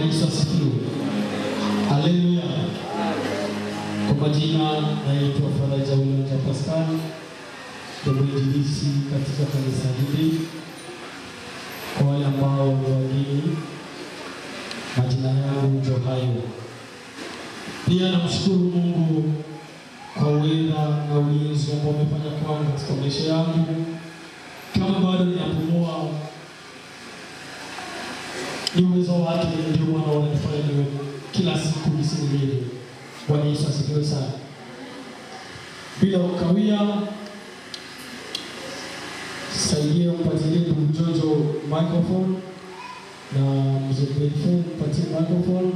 Bwana Yesu asifiwe. Haleluya. Kwa majina naitwa Faraja Uwanja Paskari, mwinjilisi katika kanisa hili. Kwa wale ambao ni wageni, majina yangu ndio hayo. Pia namshukuru Mungu kwa uweza na ulinzi ambao umefanya kwangu katika maisha yangu, kama bado ninapumua wake ndio mwana wanatufanya niwe kila siku nisingili. Bwana Yesu asifiwe sana. Bila ukawia, saidia mpatie ndugu Jojo microphone na mzee Benfo mpatie microphone.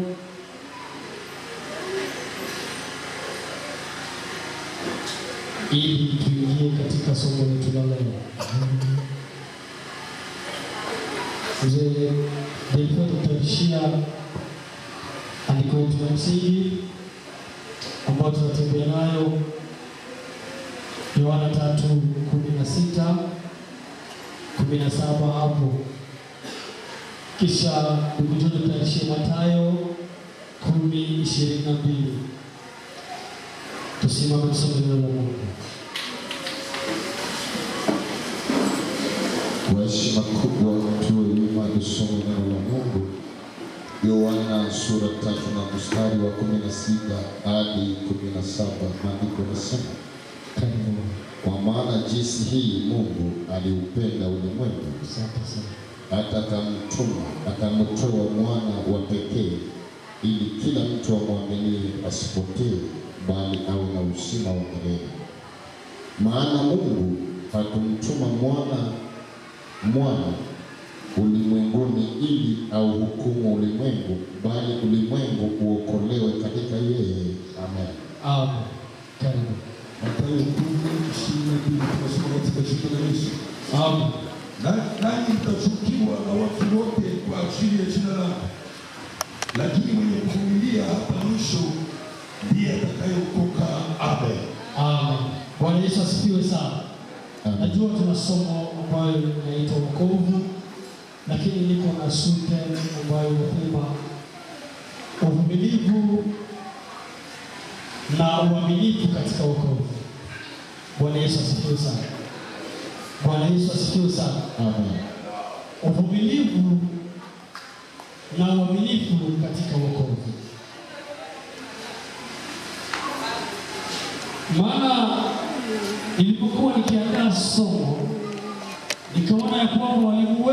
Ili tuingie katika somo letu la leo. mzee Delfo kututarishia andiko yetu la msingi ambayo tunatembea nayo Yohana tatu kumi na sita kumi na saba hapo. Kisha ndugu John tutayarishia Mathayo kumi ishirini na mbili. Tusimame tusome neno la Mungu. somo neno la Mungu Yohana sura tatu na mstari wa kumi na sita hadi kumi na saba maandiko yanasema kwa maana jinsi hii Mungu aliupenda ulimwengu hata akamtuma akamtoa mwana wa pekee ili kila mtu amwaminie asipotee bali awe na uzima wa milele. Maana Mungu hakumtuma mwana mwana uli ili auhukumu ulimwengu, bali ulimwengu uokolewe katika yeye. Amen, amen. Karibu Mathayo kumi ishirini na mbili tunasoma katika jina la Yesu. Amen. nani mtachukiwa na watu wote kwa ajili ya jina langu, lakini mwenye kuvumilia hata mwisho ndiye atakayeokoka. Amen, amen. Bwana Yesu asifiwe sana. Najua tuna somo ambayo inaitwa wokovu lakini niko na suten ambayo inasema uvumilivu na uaminifu katika wokovu. Bwana Yesu asifiwe sana. Bwana Yesu asifiwe sana. Amen. Uvumilivu na uaminifu katika wokovu, maana ilipokuwa nikiandaa somo nikaona ya kwamba walimu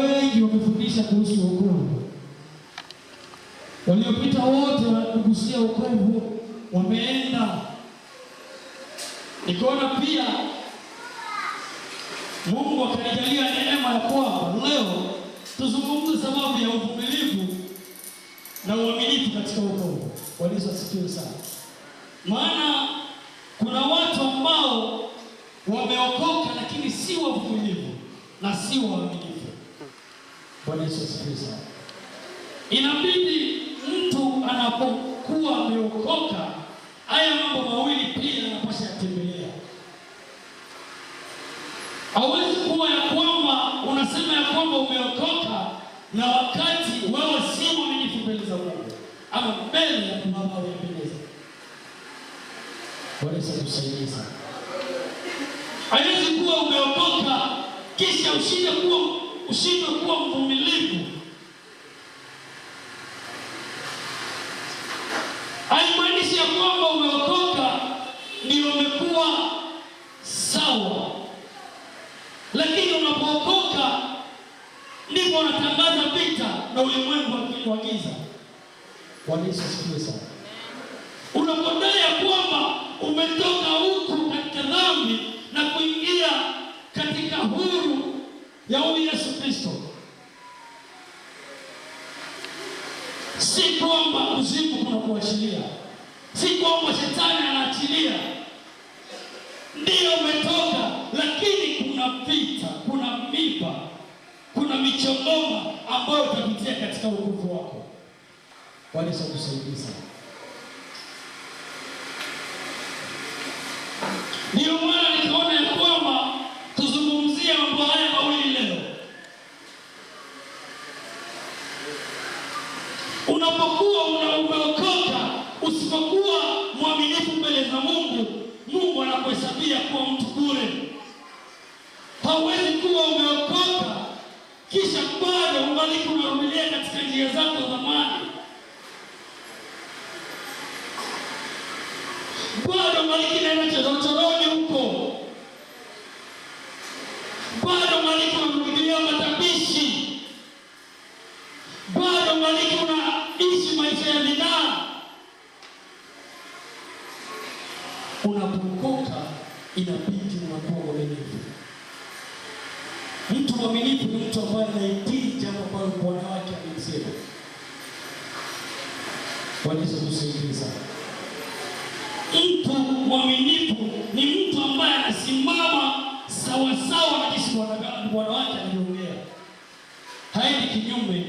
wamefundisha kuhusu wokovu. Waliopita wote wanakugusia wokovu, wameenda. Nikaona pia Mungu akanijalia neema ya kwamba leo tuzungumze sababu ya uvumilivu na uaminifu katika wokovu walizosikia sana, maana kuna watu ambao wameokoka lakini si wavumilivu na si waaminifu. Bwana Yesu Kristo. Inabidi mtu anapokuwa ameokoka, haya mambo mawili pia yanapaswa yatembelea. Hawezi kuwa ya kwamba unasema ya kwamba umeokoka na wakati wewe si mwaminifu mbele za Mungu ama mbele ya Baba wa mbinguni. Bwana Yesu tusaidie sana. Haiwezi kuwa umeokoka kisha ushinde kuwa usije kuwa mvumilivu Si kwamba kuzimu kuna kuachilia, si kwamba shetani anaachilia ndiyo umetoka, lakini kuna vita, kuna miba, kuna michongoma ambayo utapitia katika wokovu wako. Bwana akusaidia sana. inabidi unakuwa mwaminifu. Mtu mwaminifu ni mtu ambaye anaitii jambo ambalo Bwana wake amesema. Bwana Yesu tusaidie Mtu mwaminifu ni mtu ambaye anasimama sawasawa na jinsi Bwana wake aliongea, haendi kinyume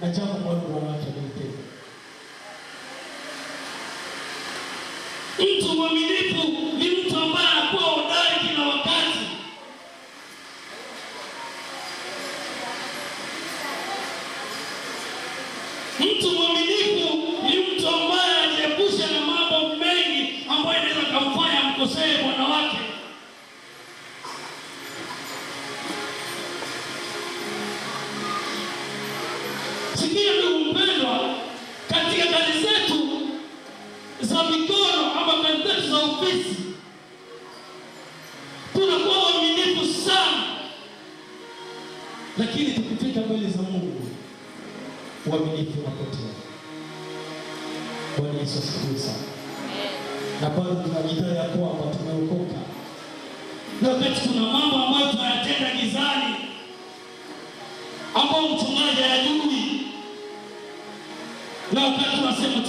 na jambo ambalo Bwana wake amesema. Mtu mwaminifu ni mtu ambaye anakuwa do homem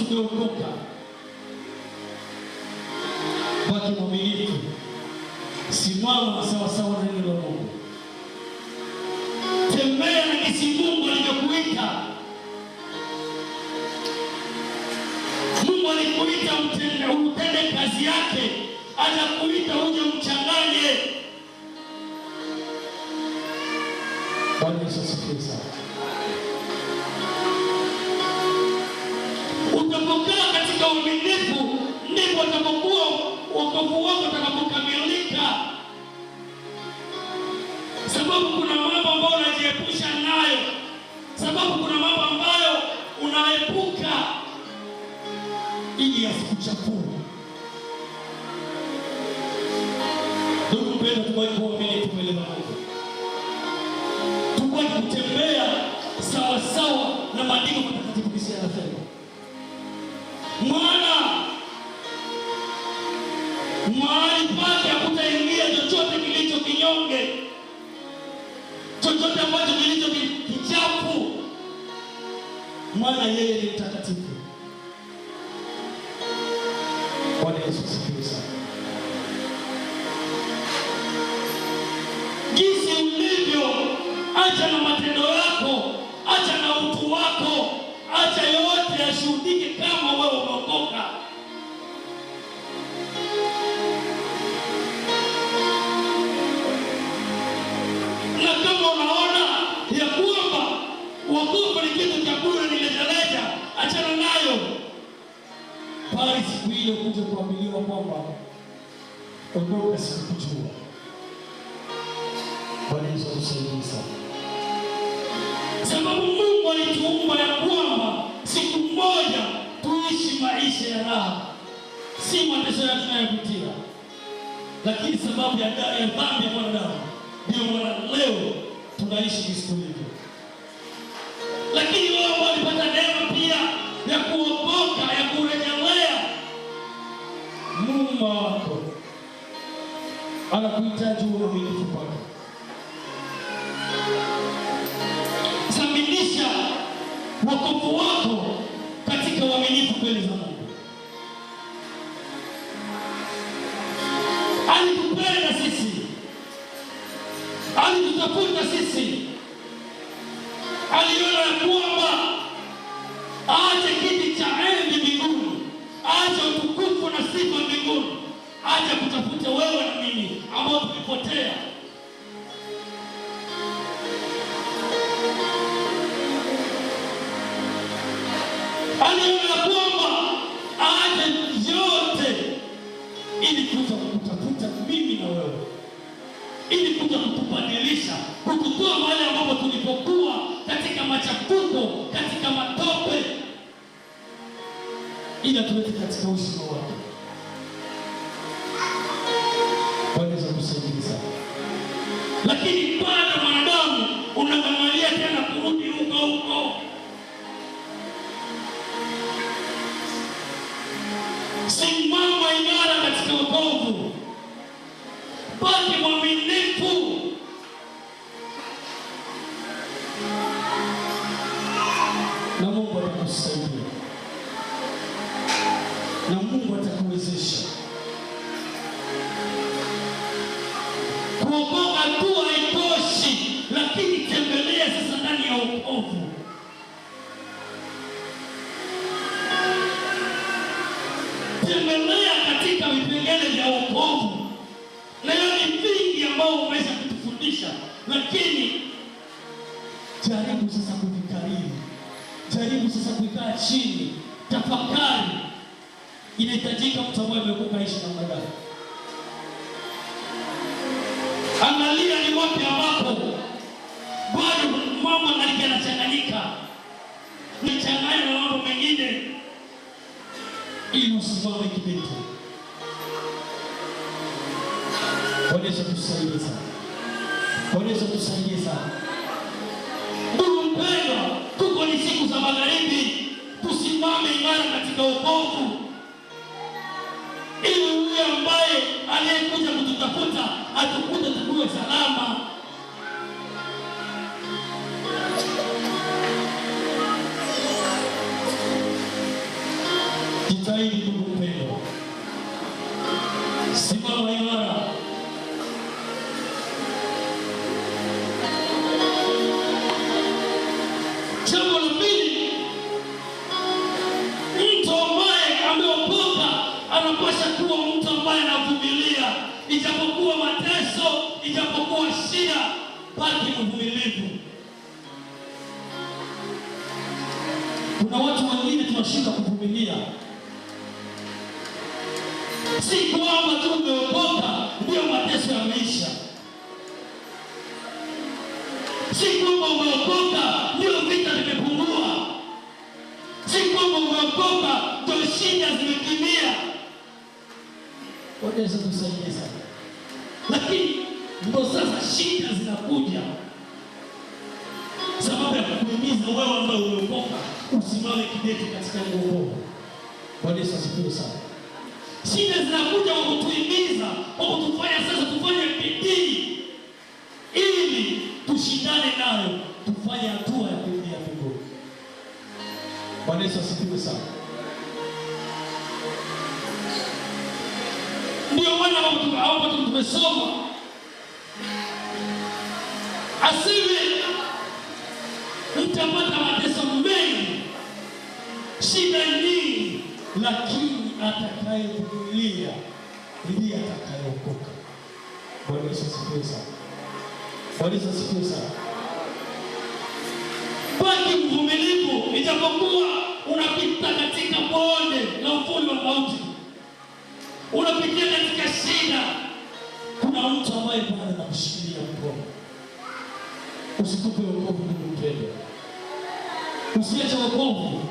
kuzunguka kwa kimumilifu, simama sawasawa na neno la Mungu, tembea na jinsi Mungu alivyokuita. Mungu alikuita utende kazi yake, atakuita uje mchanganye utakapokuwa wokovu wako utakapokamilika, sababu kuna mambo ambayo unajiepusha nayo, sababu kuna mambo ambayo unaepuka ili yasikuchafue. wanyonge, chochote ambacho kilicho kichafu, maana yeye ni mtakatifu. sababu Mungu alituumba ya kwamba siku moja tuishi maisha ya raha, si matesera tunayopitia, lakini sababu ya dhambi ya mwanadamu ndio mwana leo tunaishi visiku Lakini wao walipata neema pia ya kuokoka, ya kurejelea. Mungu wako anakuhitaji aje kutafute wewe na mimi ambao tulipotea. Anaona kwamba aje yote ili kuja kutafuta mimi na wewe, ili kuja kutubadilisha, kututoa mahali ambapo tulipokuwa katika machafuko, katika matope, ili tuweke katika uzima wake. unang'ang'ania tena kurudi huko huko. Simama imara katika wokovu, baki mwaminifu. na Mungu atakusaidia na Mungu atakuwezesha kuokoka tu. chini, tafakari. Inahitajika kutambua imekupa ishi namna gani. Angalia ni wapi ambapo bado mambo nalika yanachanganyika, nachanganya na mambo mengine, ili usimame kidete. Bwana Yesu tusaidie sana. Bwana Yesu tusaidie sana. usimame imara katika upofu, ili huyo ambaye aliyekuja kututafuta atukute tukuwe salama. kushindwa kuvumilia. Si kwamba tu umeokoka ndio mateso maisha si kwamba umeokoka ndio vita vimepungua, si kwamba umeokoka ndio shida zimekimia Yesu tusaidia sana, lakini ndo sasa shida zinakuja sababu ya kukuumiza wewe ambaye umeokoka usimame kidete katika uongofu. Bwana Yesu asifiwe sana. Shida zinakuja kwa kutuhimiza, kwa kutufanya sasa tufanye bidii ili tushindane nayo, tufanye hatua ya kuingia mbinguni. Bwana Yesu asifiwe sana. Ndio maana hapo tumesoma asili mtapata mateso shida nyingi, lakini atakayevumilia ndiye atakayeokoka. Bwana Yesu asifiwe sana. Bwana Yesu asifiwe sana. Baki mvumilivu, ijapokuwa unapita katika bonde la uvuli wa mauti, unapitia katika shida, kuna mtu ambaye Bwana anakushikilia mkono. Usikupe wokovu, ndugu mpendwa, usiache wokovu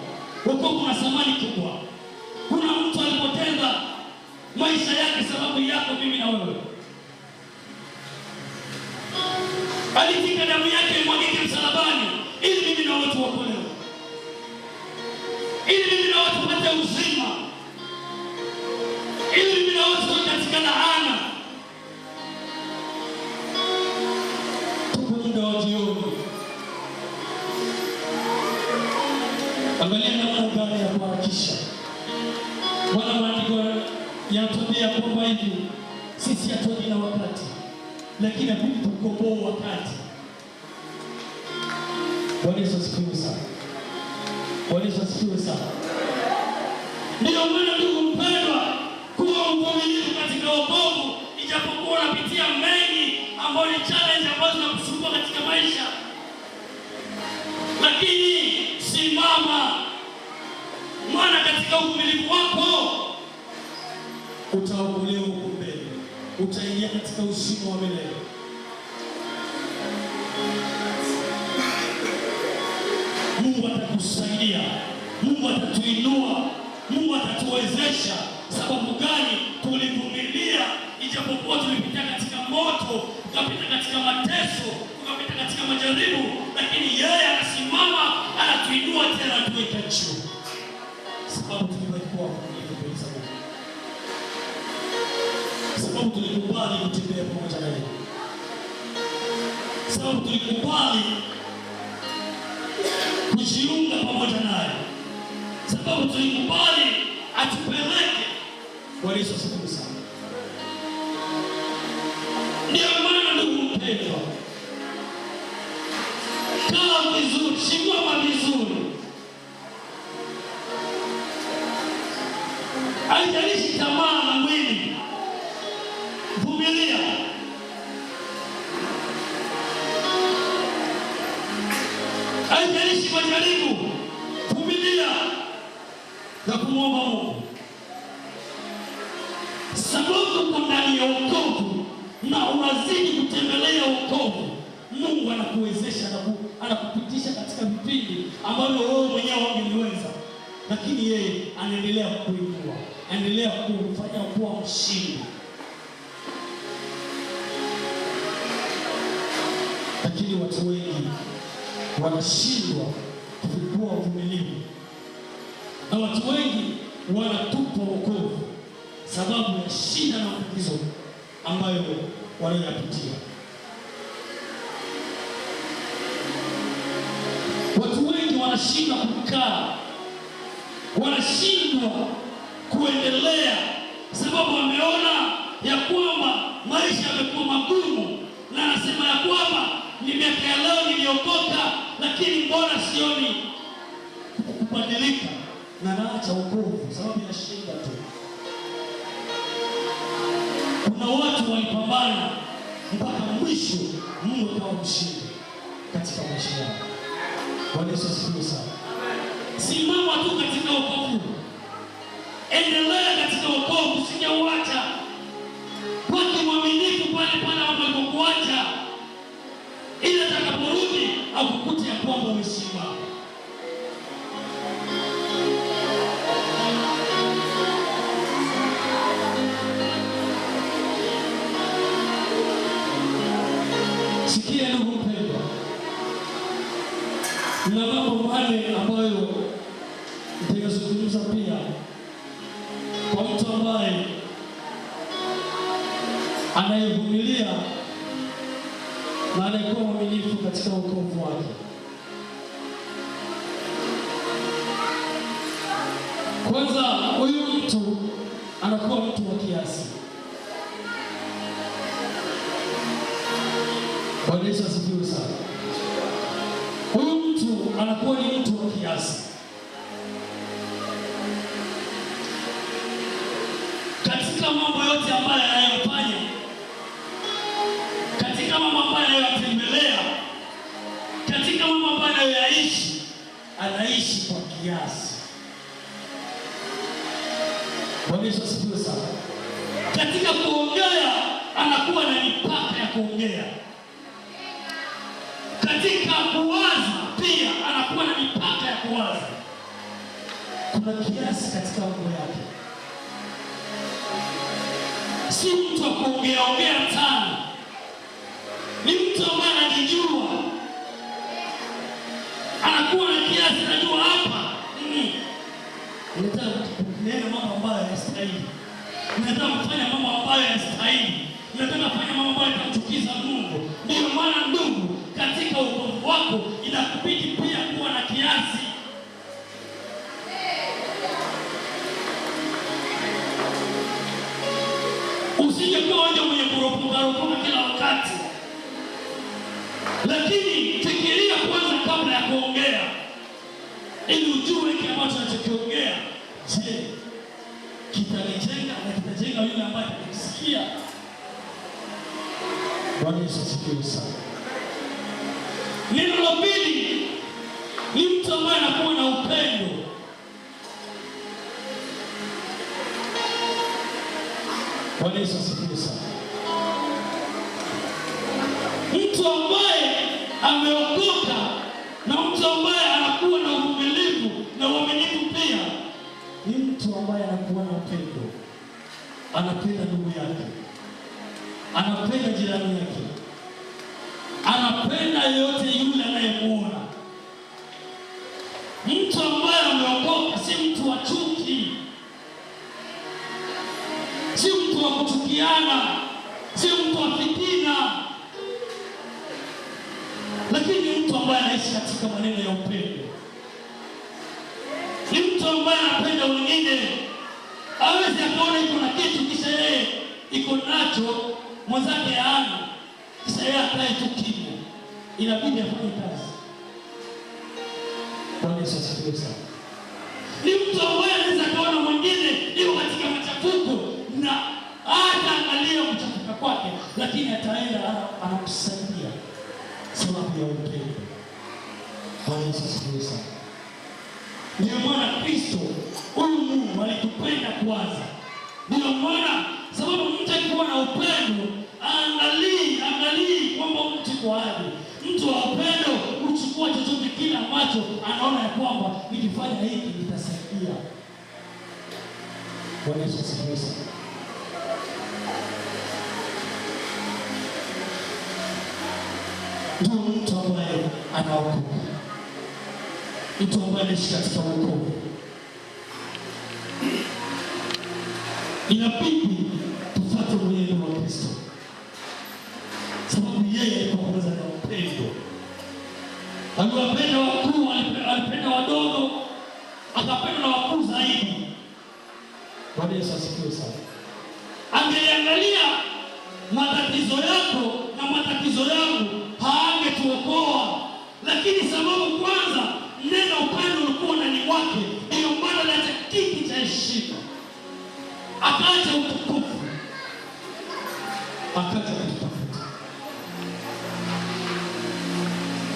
huko kuna samani kubwa. Kuna mtu alipoteza maisha yake sababu yako mimi na wewe, alifika damu yake imwagike msalabani ili mimi na watu wakolewa ili mimi na watu pate uzima, ili mimi na watu katika laana lakini uzima wa milele. Mungu atakusaidia, Mungu atatuinua, Mungu atatuwezesha. Sababu gani? Tulivumilia, ijapokuwa tulipitia katika moto, tukapita katika mateso, tukapita katika majaribu, lakini yeye anasimama, anatuinua tena, tuwe tajiri kuja na Mtakatifu, sababu tulikubali kujiunga pamoja naye, sababu tulikubali atupeleke walisosukumu sana. Ndiyo maana ndugu mpendwa, kaa vizuri, shimama vizuri, aijalishi tamaa kwenye karibu kuvumilia na kumwomba Mungu, sababu uko ndani ya wokovu na unazidi kutembelea wokovu. Mungu anakuwezesha, anakupitisha katika vipindi ambavyo wewe mwenyewe ungeweza, lakini yeye anaendelea kuinua, anaendelea ku sababu ya shida na matatizo ambayo wanayapitia. Watu wengi wanashindwa kukaa, wanashindwa kuendelea, sababu wameona ya kwamba maisha yamekuwa magumu, na anasema ya kwamba ni miaka ya leo niliokoka, lakini mbona sioni kubadilika, na naacha ukovu sababu ya shida tu na watu walipambana mpaka mwisho, Mungu akawa mshindi katika maisha yao. Bwana Yesu asifiwe sana. Simama tu katika wokovu, endelea katika wokovu, sijauacha kwake mwaminifu pale pale alipokuacha, ili atakaporudi akukute ya kwamba umesimama Sikia ndugu mpendwa, na mambo manne ambayo Bwana asifiwe sana. Katika kuongea anakuwa na mipaka ya kuongea, katika kuwaza pia anakuwa na mipaka ya kuwaza. Kuna kiasi katika mambo yake, si mtu wa kuongea ongea sana, ni mtu ambaye anajijua, anakuwa na kiasi, anajua Unataka kufanya mambo ambayo hayastahili, unataka kufanya mambo ambayo yatamchukiza Mungu. Ndiyo maana ndugu, katika uokovu wako inakubidi pia kuwa na kiasi. Usije kuwa wewe mwenye kuropokaropoka kila wakati, lakini fikiria kwanza kabla ya kuongea, ili ujue kile ambacho unachokiongea. Je, kitalijenga na kitajenga yule ambaye atakisikia. Bwana Yesu asifiwe sana. Neno la pili ni mtu ambaye anakuwa na upendo. Bwana Yesu asifiwe sana. anapenda jirani yake, anapenda yeyote yule anayemuona. Mtu ambaye ameokoka si mtu wa chuki, si mtu wa kuchukiana, si mtu wa fitina, lakini ni mtu ambaye anaishi katika maneno ya upendo, ni mtu ambaye anapenda wengine, awezi akaona iko na kitu kisha yeye iko nacho mwenzake ana sasa yeye akae tu kimya, inabidi afanye kazi. Bwana Yesu asifiwe sana. Ni mtu ambaye anaweza kaona mwingine yuko katika machafuko na hata angalia kuchafuka kwake, lakini ataenda anakusaidia sababu ya upendo. Bwana Yesu asifiwe sana. Ndio maana Kristo huyu Mungu alitupenda kwanza, ndio maana sababu mtu akikuwa na upendo angalii angalii kwamba mtu kwa hadi mtu wa upendo uchukua chochote kile ambacho anaona ya kwamba nikifanya hiki nitasaidia. Bwana Yesu Ndio mtu ambaye anaokoka, mtu ambaye anaishi katika wokovu. Inabidi akapendwa na wakuu zaidi. Bwana Yesu asifiwe sana. Angeliangalia matatizo yako na matatizo yangu, haangetuokoa. Lakini sababu kwanza, neno upendo ulikuwa ndani mwake, ndiyo maana aliacha kiti cha heshima, akaacha utukufu, akaacha kututafuta.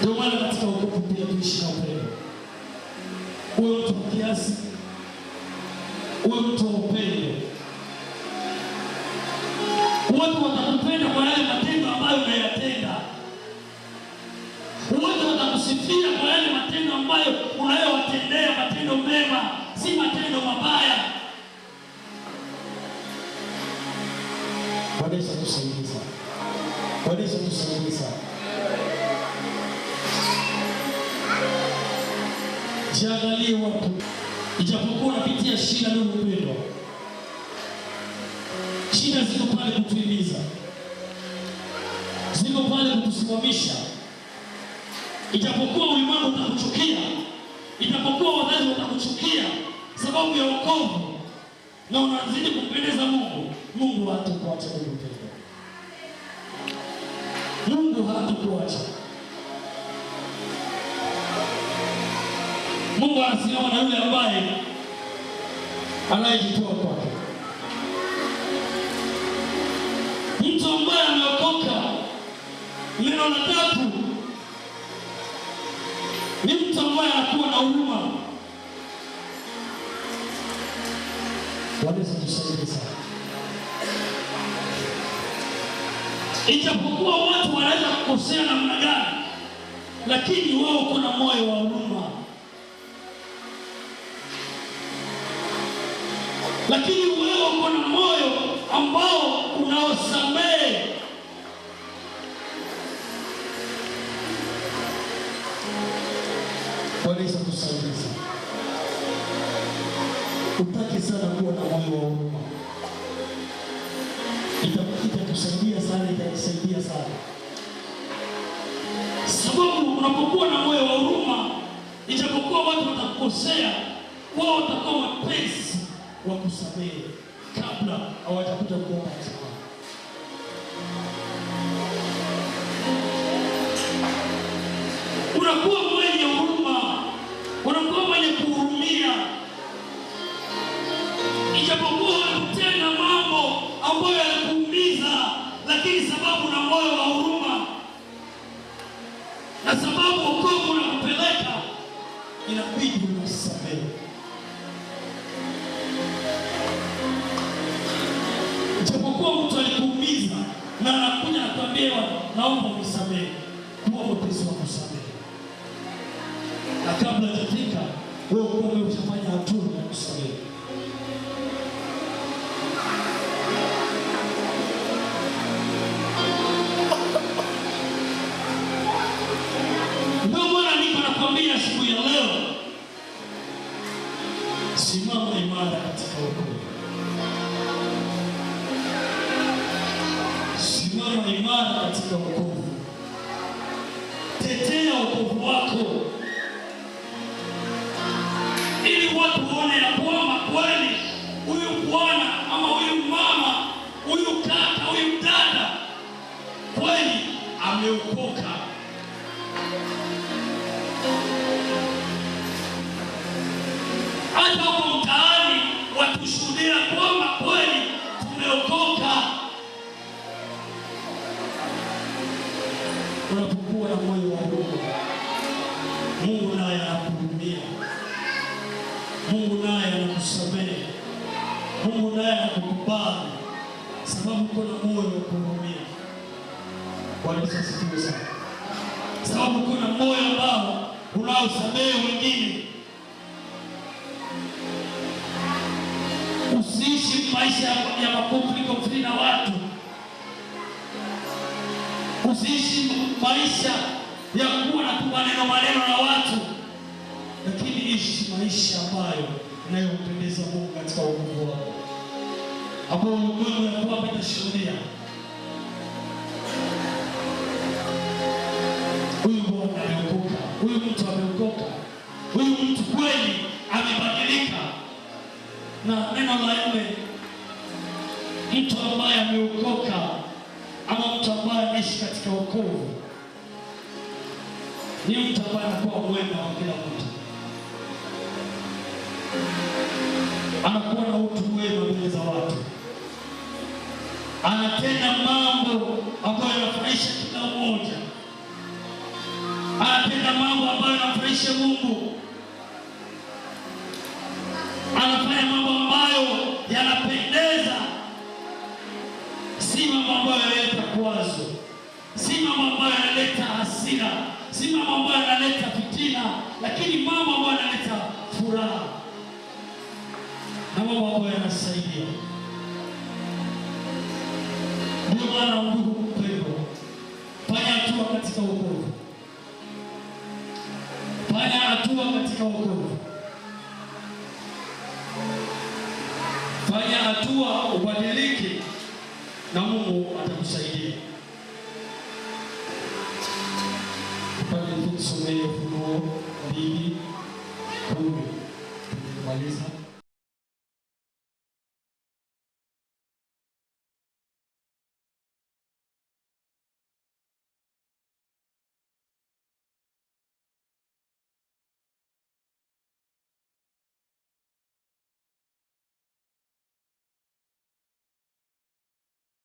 Ndio maana katika wokovu pia tuishi na upendo uwe mtu wa kiasi, uwe mtu wa upendo, uwe mtu wa maisha leo mpendwa, shida ziko pale kutuimiza, ziko pale kutusimamisha. Ijapokuwa ulimwengu utakuchukia, ijapokuwa wazazi watakuchukia sababu ya wokovu na unazidi kumpendeza Mungu, Mungu hatakuacha mpendwa, Mungu hatakuacha. Mungu asiona yule ambaye anayejitoa kwake. Mtu ambaye ameokoka, neno la tatu ni mtu ambaye anakuwa na huruma. Wanaweza kusaidia sana, ijapokuwa watu wanaweza kukosea namna gani, lakini wao kuna moyo wa huruma lakini wewe uko na moyo ambao unaosamehe. Bwana Yesu tusaidie. Utaki sana kuwa na moyo wa huruma, itakusaidia sana, itakusaidia sana sababu unapokuwa na moyo wa huruma, ijapokuwa watu watakukosea, wao watakuwa wepesi wakusamehe kabla hawatakuja kuomba msamaha. unakuwa japokuwa mtu alikuumiza na anakuja akwambia, naomba unisamehe hata huko mtaani watushuhudia kwamba ambao ulimwengu ya kwamba itashuhudia huyu bwana ameokoka, huyu mtu ameokoka, huyu mtu kweli amebadilika. Na neno la nne, mtu ambaye ameokoka ama mtu ambaye anaishi katika wokovu ni mtu ambaye anakuwa mwema wa kila anatenda mambo ambayo yanafurahisha kila mmoja, anatenda mambo ambayo yanafurahisha Mungu, anafanya mambo ambayo yanapendeza, si mambo ambayo yanaleta kwazo, si mambo ambayo yanaleta hasira, si mambo ambayo yanaleta fitina, lakini hukumu. Fanya hatua ubadilike.